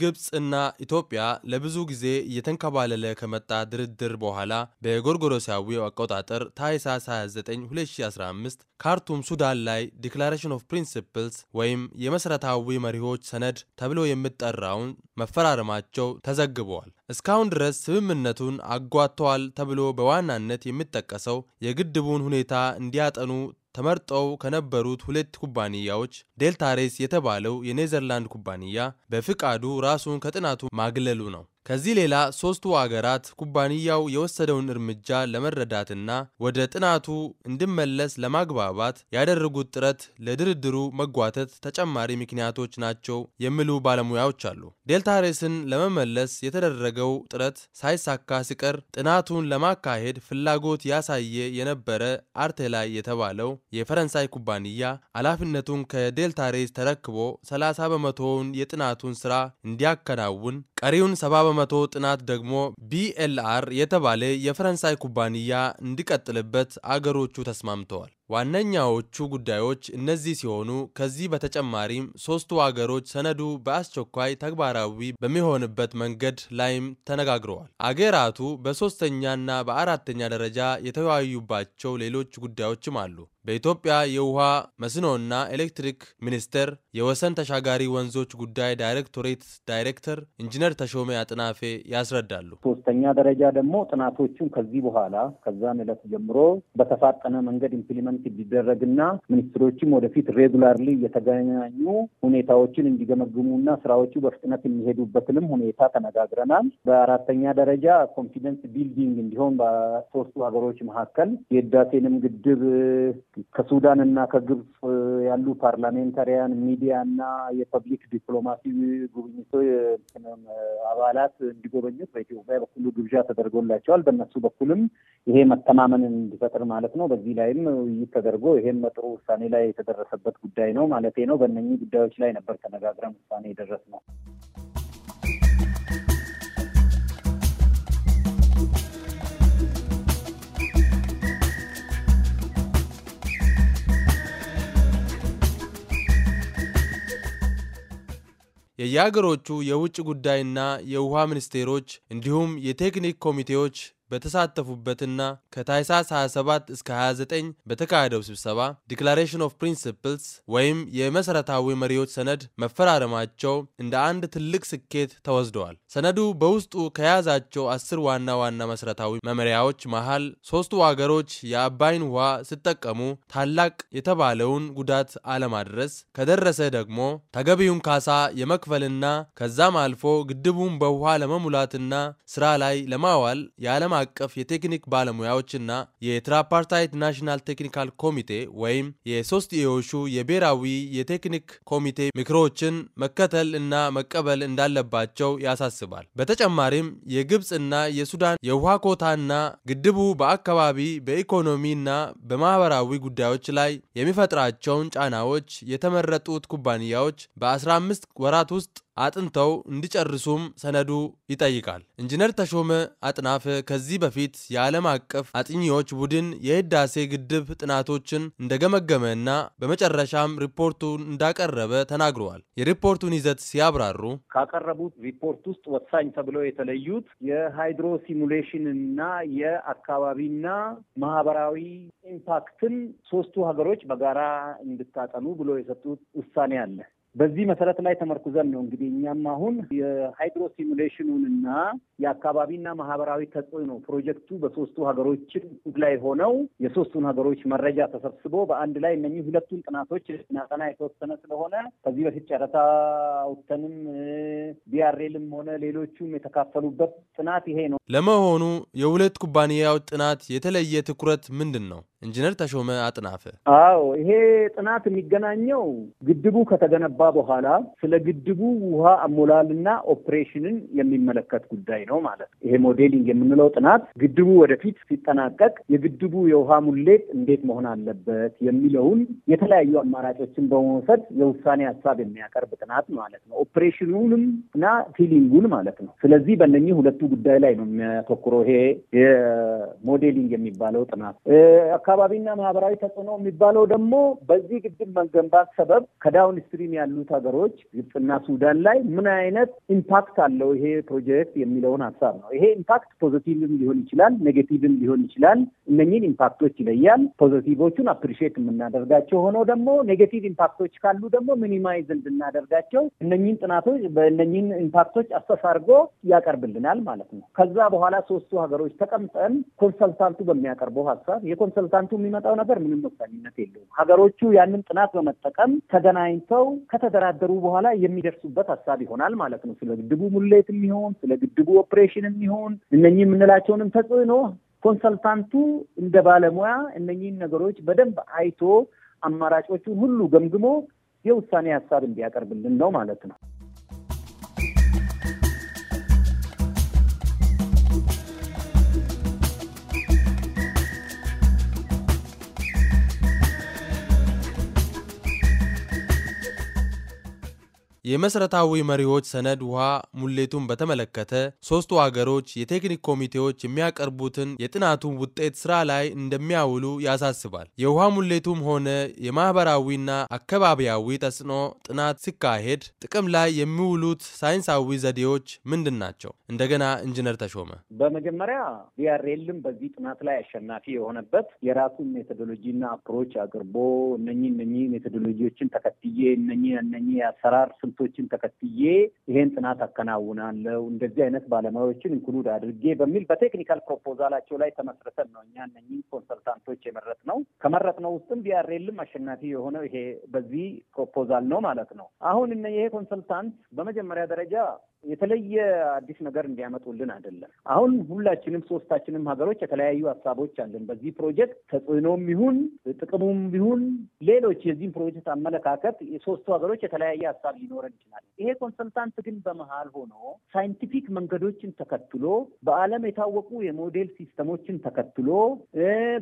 ግብፅ እና ኢትዮጵያ ለብዙ ጊዜ እየተንከባለለ ከመጣ ድርድር በኋላ በጎርጎሮሳዊው አቆጣጠር ታህሳስ 29 2015 ካርቱም ሱዳን ላይ ዲክላሬሽን ኦፍ ፕሪንሲፕልስ ወይም የመሠረታዊ መሪዎች ሰነድ ተብሎ የሚጠራውን መፈራረማቸው ተዘግበዋል። እስካሁን ድረስ ስምምነቱን አጓተዋል ተብሎ በዋናነት የሚጠቀሰው የግድቡን ሁኔታ እንዲያጠኑ ተመርጠው ከነበሩት ሁለት ኩባንያዎች ዴልታሬስ የተባለው የኔዘርላንድ ኩባንያ በፍቃዱ ራሱን ከጥናቱ ማግለሉ ነው። ከዚህ ሌላ ሶስቱ አገራት ኩባንያው የወሰደውን እርምጃ ለመረዳትና ወደ ጥናቱ እንዲመለስ ለማግባባት ያደረጉት ጥረት ለድርድሩ መጓተት ተጨማሪ ምክንያቶች ናቸው የሚሉ ባለሙያዎች አሉ። ዴልታ ሬስን ለመመለስ የተደረገው ጥረት ሳይሳካ ሲቀር ጥናቱን ለማካሄድ ፍላጎት ያሳየ የነበረ አርቴላይ የተባለው የፈረንሳይ ኩባንያ ኃላፊነቱን ከዴልታ ሬስ ተረክቦ 30 በመቶውን የጥናቱን ስራ እንዲያከናውን ቀሪውን 70 በመቶ ጥናት ደግሞ ቢኤልአር የተባለ የፈረንሳይ ኩባንያ እንዲቀጥልበት አገሮቹ ተስማምተዋል። ዋነኛዎቹ ጉዳዮች እነዚህ ሲሆኑ ከዚህ በተጨማሪም ሦስቱ አገሮች ሰነዱ በአስቸኳይ ተግባራዊ በሚሆንበት መንገድ ላይም ተነጋግረዋል። አገራቱ በሦስተኛና በአራተኛ ደረጃ የተወያዩባቸው ሌሎች ጉዳዮችም አሉ። በኢትዮጵያ የውሃ መስኖና ኤሌክትሪክ ሚኒስቴር የወሰን ተሻጋሪ ወንዞች ጉዳይ ዳይሬክቶሬት ዳይሬክተር ኢንጂነር ተሾሜ አጥናፌ ያስረዳሉ። ሶስተኛ ደረጃ ደግሞ ጥናቶቹን ከዚህ በኋላ ከዛን ዕለት ጀምሮ በተፋጠነ መንገድ ኢምፕሊመንት ሳሚት እንዲደረግና ሚኒስትሮችም ወደፊት ሬጉላርሊ እየተገናኙ ሁኔታዎችን እንዲገመግሙና ስራዎቹ በፍጥነት የሚሄዱበትንም ሁኔታ ተነጋግረናል። በአራተኛ ደረጃ ኮንፊደንስ ቢልዲንግ እንዲሆን በሶስቱ ሀገሮች መካከል የህዳሴንም ግድብ ከሱዳን እና ከግብፅ ያሉ ፓርላሜንታሪያን፣ ሚዲያ እና የፐብሊክ ዲፕሎማሲ ጉብኝቶ አባላት እንዲጎበኙት በኢትዮጵያ በኩሉ ግብዣ ተደርጎላቸዋል። በነሱ በኩልም ይሄ መተማመን እንዲፈጥር ማለት ነው። በዚህ ላይም ውይይት ተደርጎ ይሄም በጥሩ ውሳኔ ላይ የተደረሰበት ጉዳይ ነው ማለት ነው። በእነኚህ ጉዳዮች ላይ ነበር ተነጋግረን ውሳኔ የደረስ ነው። የየሀገሮቹ የውጭ ጉዳይና የውሃ ሚኒስቴሮች እንዲሁም የቴክኒክ ኮሚቴዎች በተሳተፉበትና ከታይሳስ 27 እስከ 29 በተካሄደው ስብሰባ ዲክላሬሽን ኦፍ ፕሪንስፕልስ ወይም የመሰረታዊ መሪዎች ሰነድ መፈራረማቸው እንደ አንድ ትልቅ ስኬት ተወስደዋል። ሰነዱ በውስጡ ከያዛቸው አስር ዋና ዋና መሰረታዊ መመሪያዎች መሃል ሶስቱ አገሮች የአባይን ውሃ ሲጠቀሙ ታላቅ የተባለውን ጉዳት አለማድረስ፣ ከደረሰ ደግሞ ተገቢውን ካሳ የመክፈልና ከዛም አልፎ ግድቡን በውሃ ለመሙላትና ስራ ላይ ለማዋል የዓለም አቀፍ የቴክኒክ ባለሙያዎችና የትራፓርታይት ናሽናል ቴክኒካል ኮሚቴ ወይም የሶስት ኢዮሹ የብሔራዊ የቴክኒክ ኮሚቴ ምክሮችን መከተል እና መቀበል እንዳለባቸው ያሳስባል። በተጨማሪም የግብፅና የሱዳን የውሃ ኮታና ግድቡ በአካባቢ በኢኮኖሚና በማህበራዊ ጉዳዮች ላይ የሚፈጥራቸውን ጫናዎች የተመረጡት ኩባንያዎች በ15 ወራት ውስጥ አጥንተው እንዲጨርሱም ሰነዱ ይጠይቃል። ኢንጂነር ተሾመ አጥናፈ ከዚህ በፊት የዓለም አቀፍ አጥኚዎች ቡድን የህዳሴ ግድብ ጥናቶችን እንደገመገመና በመጨረሻም ሪፖርቱን እንዳቀረበ ተናግረዋል። የሪፖርቱን ይዘት ሲያብራሩ ካቀረቡት ሪፖርት ውስጥ ወሳኝ ተብለው የተለዩት የሃይድሮ ሲሙሌሽን እና የአካባቢና ማህበራዊ ኢምፓክትን ሶስቱ ሀገሮች በጋራ እንድታጠኑ ብሎ የሰጡት ውሳኔ አለ። በዚህ መሰረት ላይ ተመርኩዘን ነው እንግዲህ እኛም አሁን የሃይድሮ እና የአካባቢና ማህበራዊ ተጽዕኖ ፕሮጀክቱ በሶስቱ ሀገሮችን ላይ ሆነው የሶስቱን ሀገሮች መረጃ ተሰብስቦ በአንድ ላይ እነኚህ ሁለቱን ጥናቶች ናጠና የተወሰነ ስለሆነ ከዚህ በፊት ጨረታ አውጥተንም ቢያሬልም ሆነ ሌሎቹም የተካፈሉበት ጥናት ይሄ ነው። ለመሆኑ የሁለት ኩባንያዎች ጥናት የተለየ ትኩረት ምንድን ነው? ኢንጂነር ተሾመ አጥናፈ። አዎ ይሄ ጥናት የሚገናኘው ግድቡ ከተገነባ ከገባ በኋላ ስለ ግድቡ ውሃ አሞላልና ኦፕሬሽንን የሚመለከት ጉዳይ ነው ማለት ነው። ይሄ ሞዴሊንግ የምንለው ጥናት ግድቡ ወደፊት ሲጠናቀቅ የግድቡ የውሃ ሙሌት እንዴት መሆን አለበት የሚለውን የተለያዩ አማራጮችን በመውሰድ የውሳኔ ሀሳብ የሚያቀርብ ጥናት ማለት ነው። ኦፕሬሽኑንም እና ፊሊንጉን ማለት ነው። ስለዚህ በእነኚህ ሁለቱ ጉዳይ ላይ ነው የሚያተኩረው ይሄ የሞዴሊንግ የሚባለው ጥናት። አካባቢና ማህበራዊ ተጽዕኖ የሚባለው ደግሞ በዚህ ግድብ መገንባት ሰበብ ከዳውን ስትሪም ያለ ያሉት ሀገሮች ግብፅና ሱዳን ላይ ምን አይነት ኢምፓክት አለው ይሄ ፕሮጀክት የሚለውን ሀሳብ ነው። ይሄ ኢምፓክት ፖዘቲቭም ሊሆን ይችላል፣ ኔጌቲቭም ሊሆን ይችላል። እነኝን ኢምፓክቶች ይለያል። ፖዘቲቮቹን አፕሪሺየት የምናደርጋቸው ሆኖ ደግሞ ኔጌቲቭ ኢምፓክቶች ካሉ ደግሞ ሚኒማይዝ እንድናደርጋቸው እነኝን ጥናቶች በእነኝን ኢምፓክቶች አስተሳርጎ ያቀርብልናል ማለት ነው። ከዛ በኋላ ሶስቱ ሀገሮች ተቀምጠን ኮንሰልታንቱ በሚያቀርበው ሀሳብ የኮንሰልታንቱ የሚመጣው ነገር ምንም ወሳኝነት የለውም። ሀገሮቹ ያንን ጥናት በመጠቀም ተገናኝተው ከ ከተደራደሩ በኋላ የሚደርሱበት ሀሳብ ይሆናል ማለት ነው። ስለ ግድቡ ሙሌት የሚሆን ስለ ግድቡ ኦፕሬሽን የሚሆን እነኚህ የምንላቸውንም ተጽዕኖ ኮንሰልታንቱ እንደ ባለሙያ እነኚህን ነገሮች በደንብ አይቶ አማራጮቹን ሁሉ ገምግሞ የውሳኔ ሀሳብ እንዲያቀርብልን ነው ማለት ነው። የመሰረታዊ መሪዎች ሰነድ ውሃ ሙሌቱን በተመለከተ ሶስቱ አገሮች የቴክኒክ ኮሚቴዎች የሚያቀርቡትን የጥናቱን ውጤት ስራ ላይ እንደሚያውሉ ያሳስባል። የውሃ ሙሌቱም ሆነ የማህበራዊና አካባቢያዊ ተጽዕኖ ጥናት ሲካሄድ ጥቅም ላይ የሚውሉት ሳይንሳዊ ዘዴዎች ምንድን ናቸው? እንደገና ኢንጂነር ተሾመ በመጀመሪያ ዲያርኤልም በዚህ ጥናት ላይ አሸናፊ የሆነበት የራሱን ሜቶዶሎጂና አፕሮች አቅርቦ እነኚህ እነኚህ ሜቶዶሎጂዎችን ተከትዬ እነኚህ እነኚህ የአሰራር ስልት ሳይንቲስቶችን ተከትዬ ይሄን ጥናት አከናውናለው እንደዚህ አይነት ባለሙያዎችን ኢንክሉድ አድርጌ በሚል በቴክኒካል ፕሮፖዛላቸው ላይ ተመስርተን ነው እኛ እነኝህ ኮንሰልታንቶች የመረጥ ነው። ከመረጥ ነው ውስጥም ቢያሬልም አሸናፊ የሆነው ይሄ በዚህ ፕሮፖዛል ነው ማለት ነው። አሁን እነ ይሄ ኮንሰልታንት በመጀመሪያ ደረጃ የተለየ አዲስ ነገር እንዲያመጡልን አይደለም። አሁን ሁላችንም ሶስታችንም ሀገሮች የተለያዩ ሀሳቦች አለን። በዚህ ፕሮጀክት ተጽዕኖም ይሁን ጥቅሙም ይሁን ሌሎች የዚህም ፕሮጀክት አመለካከት የሶስቱ ሀገሮች የተለያየ ሀሳብ ሊኖረን ይችላል። ይሄ ኮንሰልታንት ግን በመሀል ሆኖ ሳይንቲፊክ መንገዶችን ተከትሎ በዓለም የታወቁ የሞዴል ሲስተሞችን ተከትሎ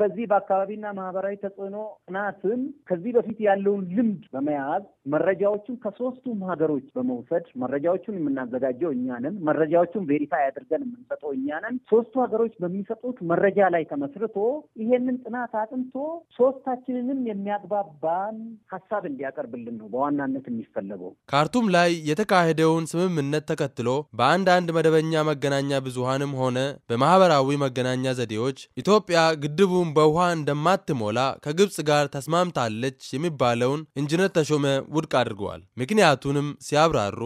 በዚህ በአካባቢና ማህበራዊ ተጽዕኖ ጥናትን ከዚህ በፊት ያለውን ልምድ በመያዝ መረጃዎቹን ከሶስቱም ሀገሮች በመውሰድ መረጃዎቹን የምናዘ የምናዘጋጀው እኛንን መረጃዎቹን ቬሪፋይ አድርገን የምንሰጠው እኛንን ሶስቱ ሀገሮች በሚሰጡት መረጃ ላይ ተመስርቶ ይሄንን ጥናት አጥንቶ ሶስታችንንም የሚያግባባን ሀሳብ እንዲያቀርብልን ነው በዋናነት የሚፈለገው። ካርቱም ላይ የተካሄደውን ስምምነት ተከትሎ በአንዳንድ መደበኛ መገናኛ ብዙሀንም ሆነ በማህበራዊ መገናኛ ዘዴዎች ኢትዮጵያ ግድቡን በውሃ እንደማትሞላ ከግብፅ ጋር ተስማምታለች የሚባለውን ኢንጂነር ተሾመ ውድቅ አድርገዋል። ምክንያቱንም ሲያብራሩ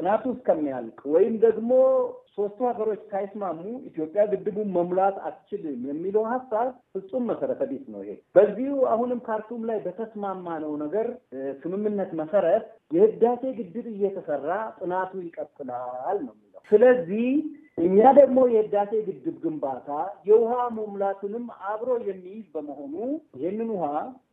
ጥናቱ እስከሚያልቅ ወይም ደግሞ ሶስቱ ሀገሮች ሳይስማሙ ኢትዮጵያ ግድቡን መሙላት አትችልም የሚለው ሀሳብ ፍጹም መሰረተ ቢስ ነው። ይሄ በዚሁ አሁንም ካርቱም ላይ በተስማማነው ነገር ስምምነት መሰረት የህዳሴ ግድብ እየተሰራ ጥናቱ ይቀጥላል ነው የሚለው። ስለዚህ እኛ ደግሞ የህዳሴ ግድብ ግንባታ የውሃ መሙላቱንም አብሮ የሚይዝ በመሆኑ ይህንን ውሃ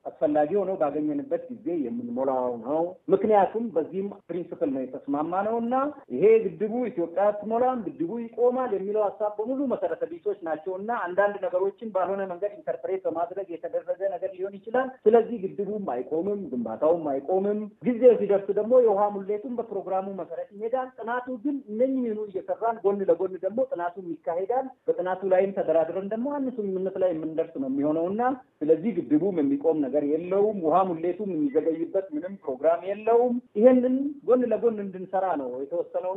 አስፈላጊ ሆኖ ባገኘንበት ጊዜ የምንሞላው ነው። ምክንያቱም በዚህም ፕሪንስፕል ነው የተስማማ ነው እና ይሄ ግድቡ ኢትዮጵያ አትሞላም፣ ግድቡ ይቆማል የሚለው ሀሳብ በሙሉ መሰረተ ቢሶች ናቸው እና አንዳንድ ነገሮችን ባልሆነ መንገድ ኢንተርፕሬት በማድረግ የተደረገ ነገር ሊሆን ይችላል። ስለዚህ ግድቡም አይቆምም፣ ግንባታውም አይቆምም። ጊዜው ሲደርስ ደግሞ የውሃ ሙሌቱም በፕሮግራሙ መሰረት ይሄዳል። ጥናቱ ግን እነኝህኑ እየሰራን ጎን ለጎን ደግሞ ጥናቱም ይካሄዳል። በጥናቱ ላይም ተደራድረን ደግሞ አንድ ስምምነት ላይ የምንደርስ ነው የሚሆነውና ስለዚህ ግድቡም የሚቆም ነገር የለውም። ውሃ ሙሌቱም የሚዘገይበት ምንም ፕሮግራም የለውም። ይሄንን ጎን ለጎን እንድንሰራ ነው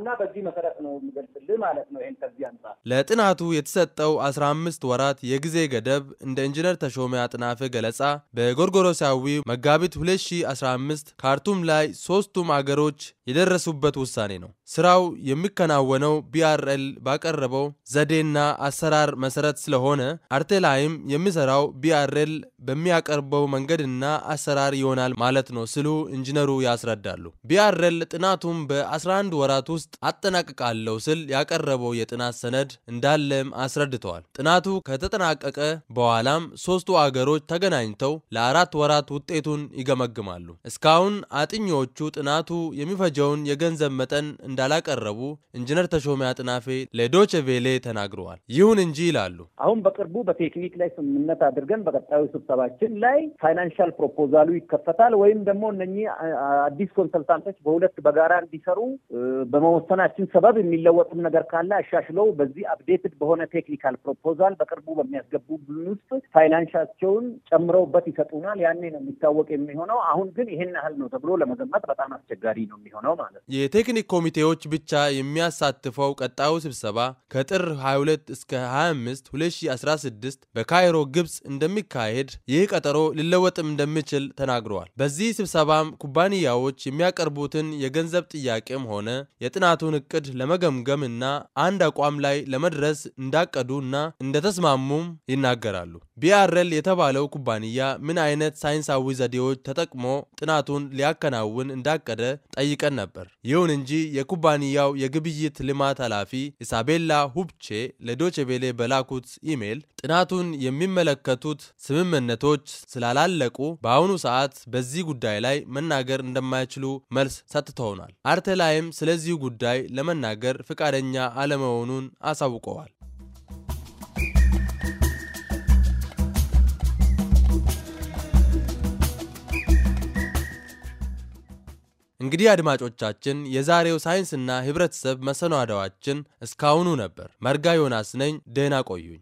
እና በዚህ መሰረት ነው የሚገልጽልህ ማለት ነው። ይህን ከዚህ አንጻር ለጥናቱ የተሰጠው አስራ አምስት ወራት የጊዜ ገደብ እንደ ኢንጂነር ተሾመ አጥናፈ ገለጻ በጎርጎሮሳዊ መጋቢት 2015 ካርቱም ላይ ሶስቱም አገሮች የደረሱበት ውሳኔ ነው። ስራው የሚከናወነው ቢአርኤል ባቀረበው ዘዴና አሰራር መሰረት ስለሆነ አርቴላይም የሚሰራው ቢአርኤል በሚያቀርበው መንገድና አሰራር ይሆናል ማለት ነው ሲሉ ኢንጂነሩ ያስረዳሉ። ቢአርኤል ጥናቱም በ11 ወራት ውስጥ አጠናቅቃለሁ ስል ያቀረበው የጥናት ሰነድ እንዳለም አስረድተዋል። ጥናቱ ከተጠናቀቀ በኋላም ሶስቱ አገሮች ተገናኝተው ለአራት ወራት ውጤቱን ይገመግማሉ። እስካሁን አጥኚዎቹ ጥናቱ የሚፈጀውን የገንዘብ መጠን እንዳላቀረቡ ኢንጂነር ተሾሚያ ጥናፌ ለዶች ቬሌ ተናግረዋል። ይሁን እንጂ ይላሉ አሁን በቅርቡ በቴክኒክ ላይ ስምምነት አድርገን በቀጣዩ ስብሰባችን ላይ ፋይናንሻል ፕሮፖዛሉ ይከፈታል ወይም ደግሞ እነኚህ አዲስ ኮንሰልታንቶች በሁለት በጋራ እንዲሰሩ በመወሰናችን ሰበብ የሚለወጥም ነገር ካለ አሻሽለው በዚህ አፕዴትድ በሆነ ቴክኒካል ፕሮፖዛል በቅርቡ በሚያስገቡ ውስጥ ፋይናንሻቸውን ጨምረውበት ይሰጡናል። ያኔ ነው የሚታወቅ የሚሆነው። አሁን ግን ይህን ያህል ነው ተብሎ ለመገመት በጣም አስቸጋሪ ነው የሚሆነው ማለት ነው። የቴክኒክ ኮሚቴዎች ብቻ የሚያሳትፈው ቀጣዩ ስብሰባ ስብሰባ ከጥር 22 እስከ 25 2016 በካይሮ ግብፅ እንደሚካሄድ ይህ ቀጠሮ ሊለወጥም እንደሚችል ተናግረዋል። በዚህ ስብሰባም ኩባንያዎች የሚያቀርቡትን የገንዘብ ጥያቄም ሆነ የጥናቱን እቅድ ለመገምገም እና አንድ አቋም ላይ ለመድረስ እንዳቀዱ እና እንደተስማሙም ይናገራሉ። ቢአርኤል የተባለው ኩባንያ ምን አይነት ሳይንሳዊ ዘዴዎች ተጠቅሞ ጥናቱን ሊያከናውን እንዳቀደ ጠይቀን ነበር። ይሁን እንጂ የኩባንያው የግብይት ልማት ኃላፊ ኢሳቤላ ሁብቼ ለዶቼቬሌ በላኩት ኢሜይል ጥናቱን የሚመለከቱት ስምምነቶች ስላላለቁ በአሁኑ ሰዓት በዚህ ጉዳይ ላይ መናገር እንደማይችሉ መልስ ሰጥተውናል። አርቴላይም ስለዚህ ጉዳይ ለመናገር ፈቃደኛ አለመሆኑን አሳውቀዋል። እንግዲህ አድማጮቻችን የዛሬው ሳይንስና ህብረተሰብ መሰናዳዋችን እስካሁኑ ነበር። መርጋ ዮናስ ነኝ። ደህና ቆዩኝ።